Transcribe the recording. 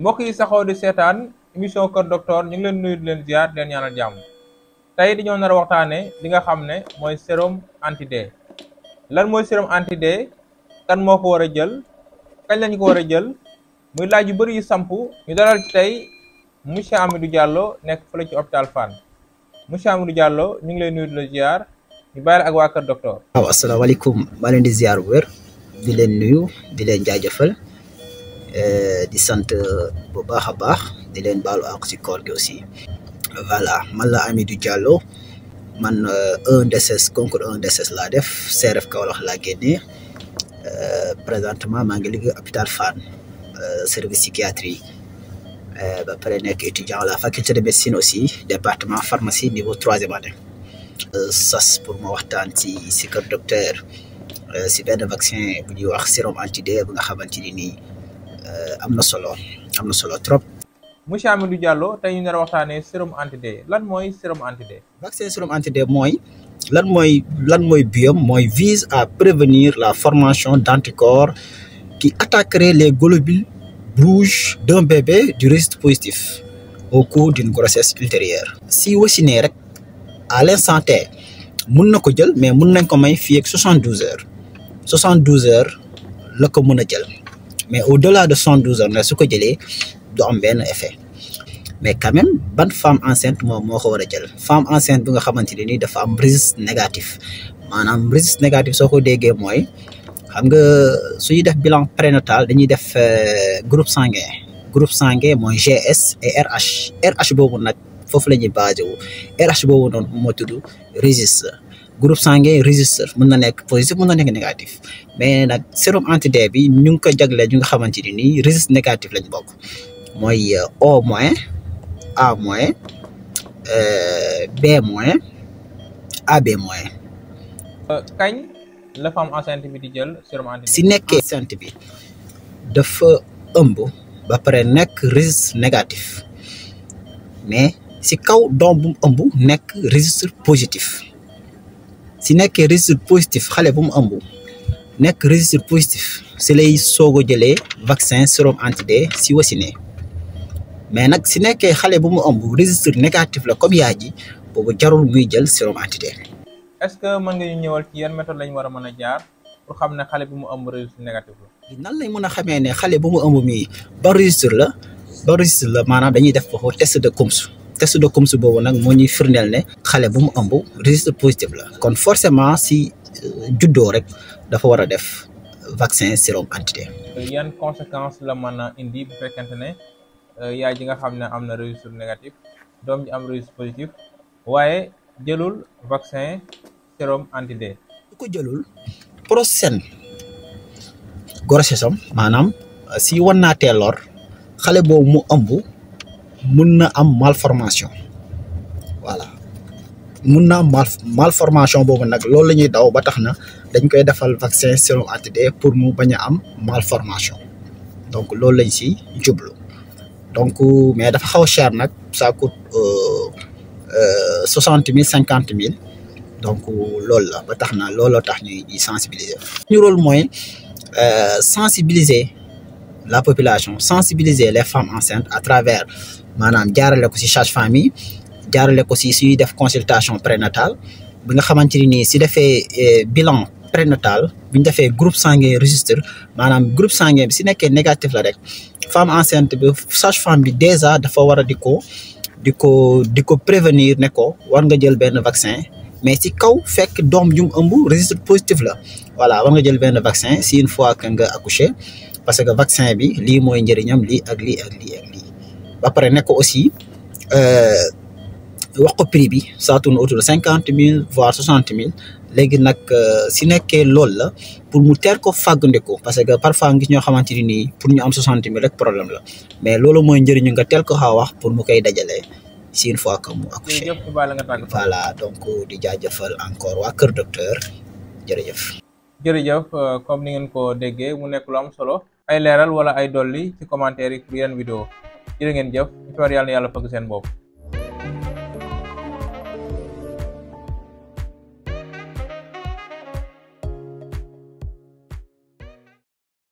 mbokk yi saxoo di seetaan émission Kër Docteur ñu ngi leen nuyu di leen ziar di leen ñaanal jàmm tey dañoo nar a waxtaanee li nga xam ne mooy sérum anti D lan mooy sérum anti D kan moo ko war a jël kañ lañ ko war a jël muy laaj yu bëri yu sampu ñu dalal ci tey monsieur du jàlloo nekk fële ci hôpital Fann monsieur Hamidou jàlloo ñu ngi lay nuyu di la ziar ñu bàyyi ak waa Kër Docteur. waaw asalaamaaleykum maa leen di ziar bu di leen nuyu di leen jaajëfal. Eh, di sant bu baax a baax di leen baalu àq si koor gi aussi voilà man la du Diallo man ENDSS euh, concours ENDSS laa def CRF Kaolack laa génnee euh, présentement maa ngi liggéey hôpital Fann euh, service psychiatrie ba pare nekk étudiant à la faculté de médecine aussi département pharmacie niveau troisième année sas pour ma waxtaan ci si kër docteur si benn vaccin bu ñuy wax sérum anti-D bi nga xamante ni nii am na solo am na solo trop. monsieur Hamidou Diallo tey nar waxtaanee sérum anti-D lan mooy sérum anti-D. vaccin mooy lan mooy lan mooy biome mooy vise à prévenir la formation d'anticorps qui attaqueraient les globules rouges d'un bébé du registre positif au cours d'une grossesse ultérieure. si wasinee rek à l'instant T mun na ko jël mais mun nañ ko may fi ak soixante douze heures soixante douze heures la ko mën a jël. mais au delà de soixante douze heures na su ko jëlee du am benn effet mais quand même ban femme enceinte moom moo ko war a jël femme enceinte bi nga xamante ne ni dafa am risque négatif maanaam risque négatif soo ko déggee mooy xam nga su ñuy def bilan prénatal dañuy def euh, groupe sanguin groupe sanguin mooy GS et RH RH boobu nag foofu la ñuy basé wu RH boobu noonu moo registre groupe sanguin registre mën na nekk positif mën na nekk négatif mais nag sérum anti bi ñu ngi ko jagleel ñu nga xamante ni nii registre négatif lañ bokk mooy euh, O moins A moins euh, B moins AB moins. Euh, kañ la femme enceinte bi di jël sérum anti si nekkee enceinte bi dafa ëmb ba pare nekk registre négatif mais si kaw doom bu ëmb nekk registre positif. si nekkee registre positif xale bu mu ëmb nekk registre positif si lay soog a jëlee vaccin sérum anti-D si wasine mais nag si nekkee xale bu mu ëmb registre négatif la comme yaay ji jarul muy jël sérum anti est-ce que man nga ñëwal ci yan méthode lañ war a mën a jaar xam ne xale bu mu ëmb registre négatif la. nan lañ mën a xamee ne xale bu mu ëmb mii ba registre la ba registre la maanaam dañuy def foofu test de Coombs. test de Combs boobu nag moo ñuy firndeel ne xale bu mu ëmb registre positif la kon forcément si euh, juddoo rek dafa war a def vaccin sérum anti-T. yan conséquence la mën a indi bu fekkente ne euh, yaay ji nga xam ne am na registre négatif doom ji am registre positif waaye jëlul vaccin sérum anti-D. ko jëlul prochaine grossesse am maanaam euh, si wan naatee xale boobu mu ëmb. mun na am malformation voilà mun na am mal malformation boobu nag loolu la ñuy daw ba tax na dañ koy defal vaccin sérum ATD pour mu bañ a am malformation donc loolu lañ si jublu donc mais dafa xaw cher nag ça coûte euh, euh, soixante mil cinquante mille donc loolu la ba tax na looloo tax ñuy ñuy sensibiliser. ñu rôle mooy euh, sensibiliser la population sensibiliser les femmes enceintes à travers. maanaam jaarale ko si charge famille jaarale ko si si def consultation nataal bi nga xamante ni nii si defee eh, bilan nataal bu ñu defee groupe sanguin registre maanaam groupe sanguin bi si nekkee négatif la rek femme enceinte bi sage femme bi dèjà dafa war a di ko di ko prévenir ne ko war nga jël benn vaccin mais si kaw fekk doom ju mu ëmb positif la voilà war nga jël benn vaccin si une fois que nga accouché parce que vaccin bi lii mooy njëriñam lii ak lii ak lii ba pare ne ko aussi euh, wax ko prix bi ça tourne autour de cinquante mille voire soixante mille léegi nag euh, si nekkee loolu la pour mu teel ko fàggandiku parce que parfois ngis ñoo xamante ni nii pour ñu am soixante mille rek problème la mais loolu mooy njëriñu nga teel ko xaa wax pour mu koy dajale si une fois que mu accouché voilà donc di jaajëfal encore waa Kër Docteur jërëjëf jërëjëf euh, comme ni ngeen ko déggee mu nekk lu am solo ay leeral wala ay dolli ci commentaire yi pour jërë ngeen jëf xibaar yàlla na yàlla fëgg seen bopp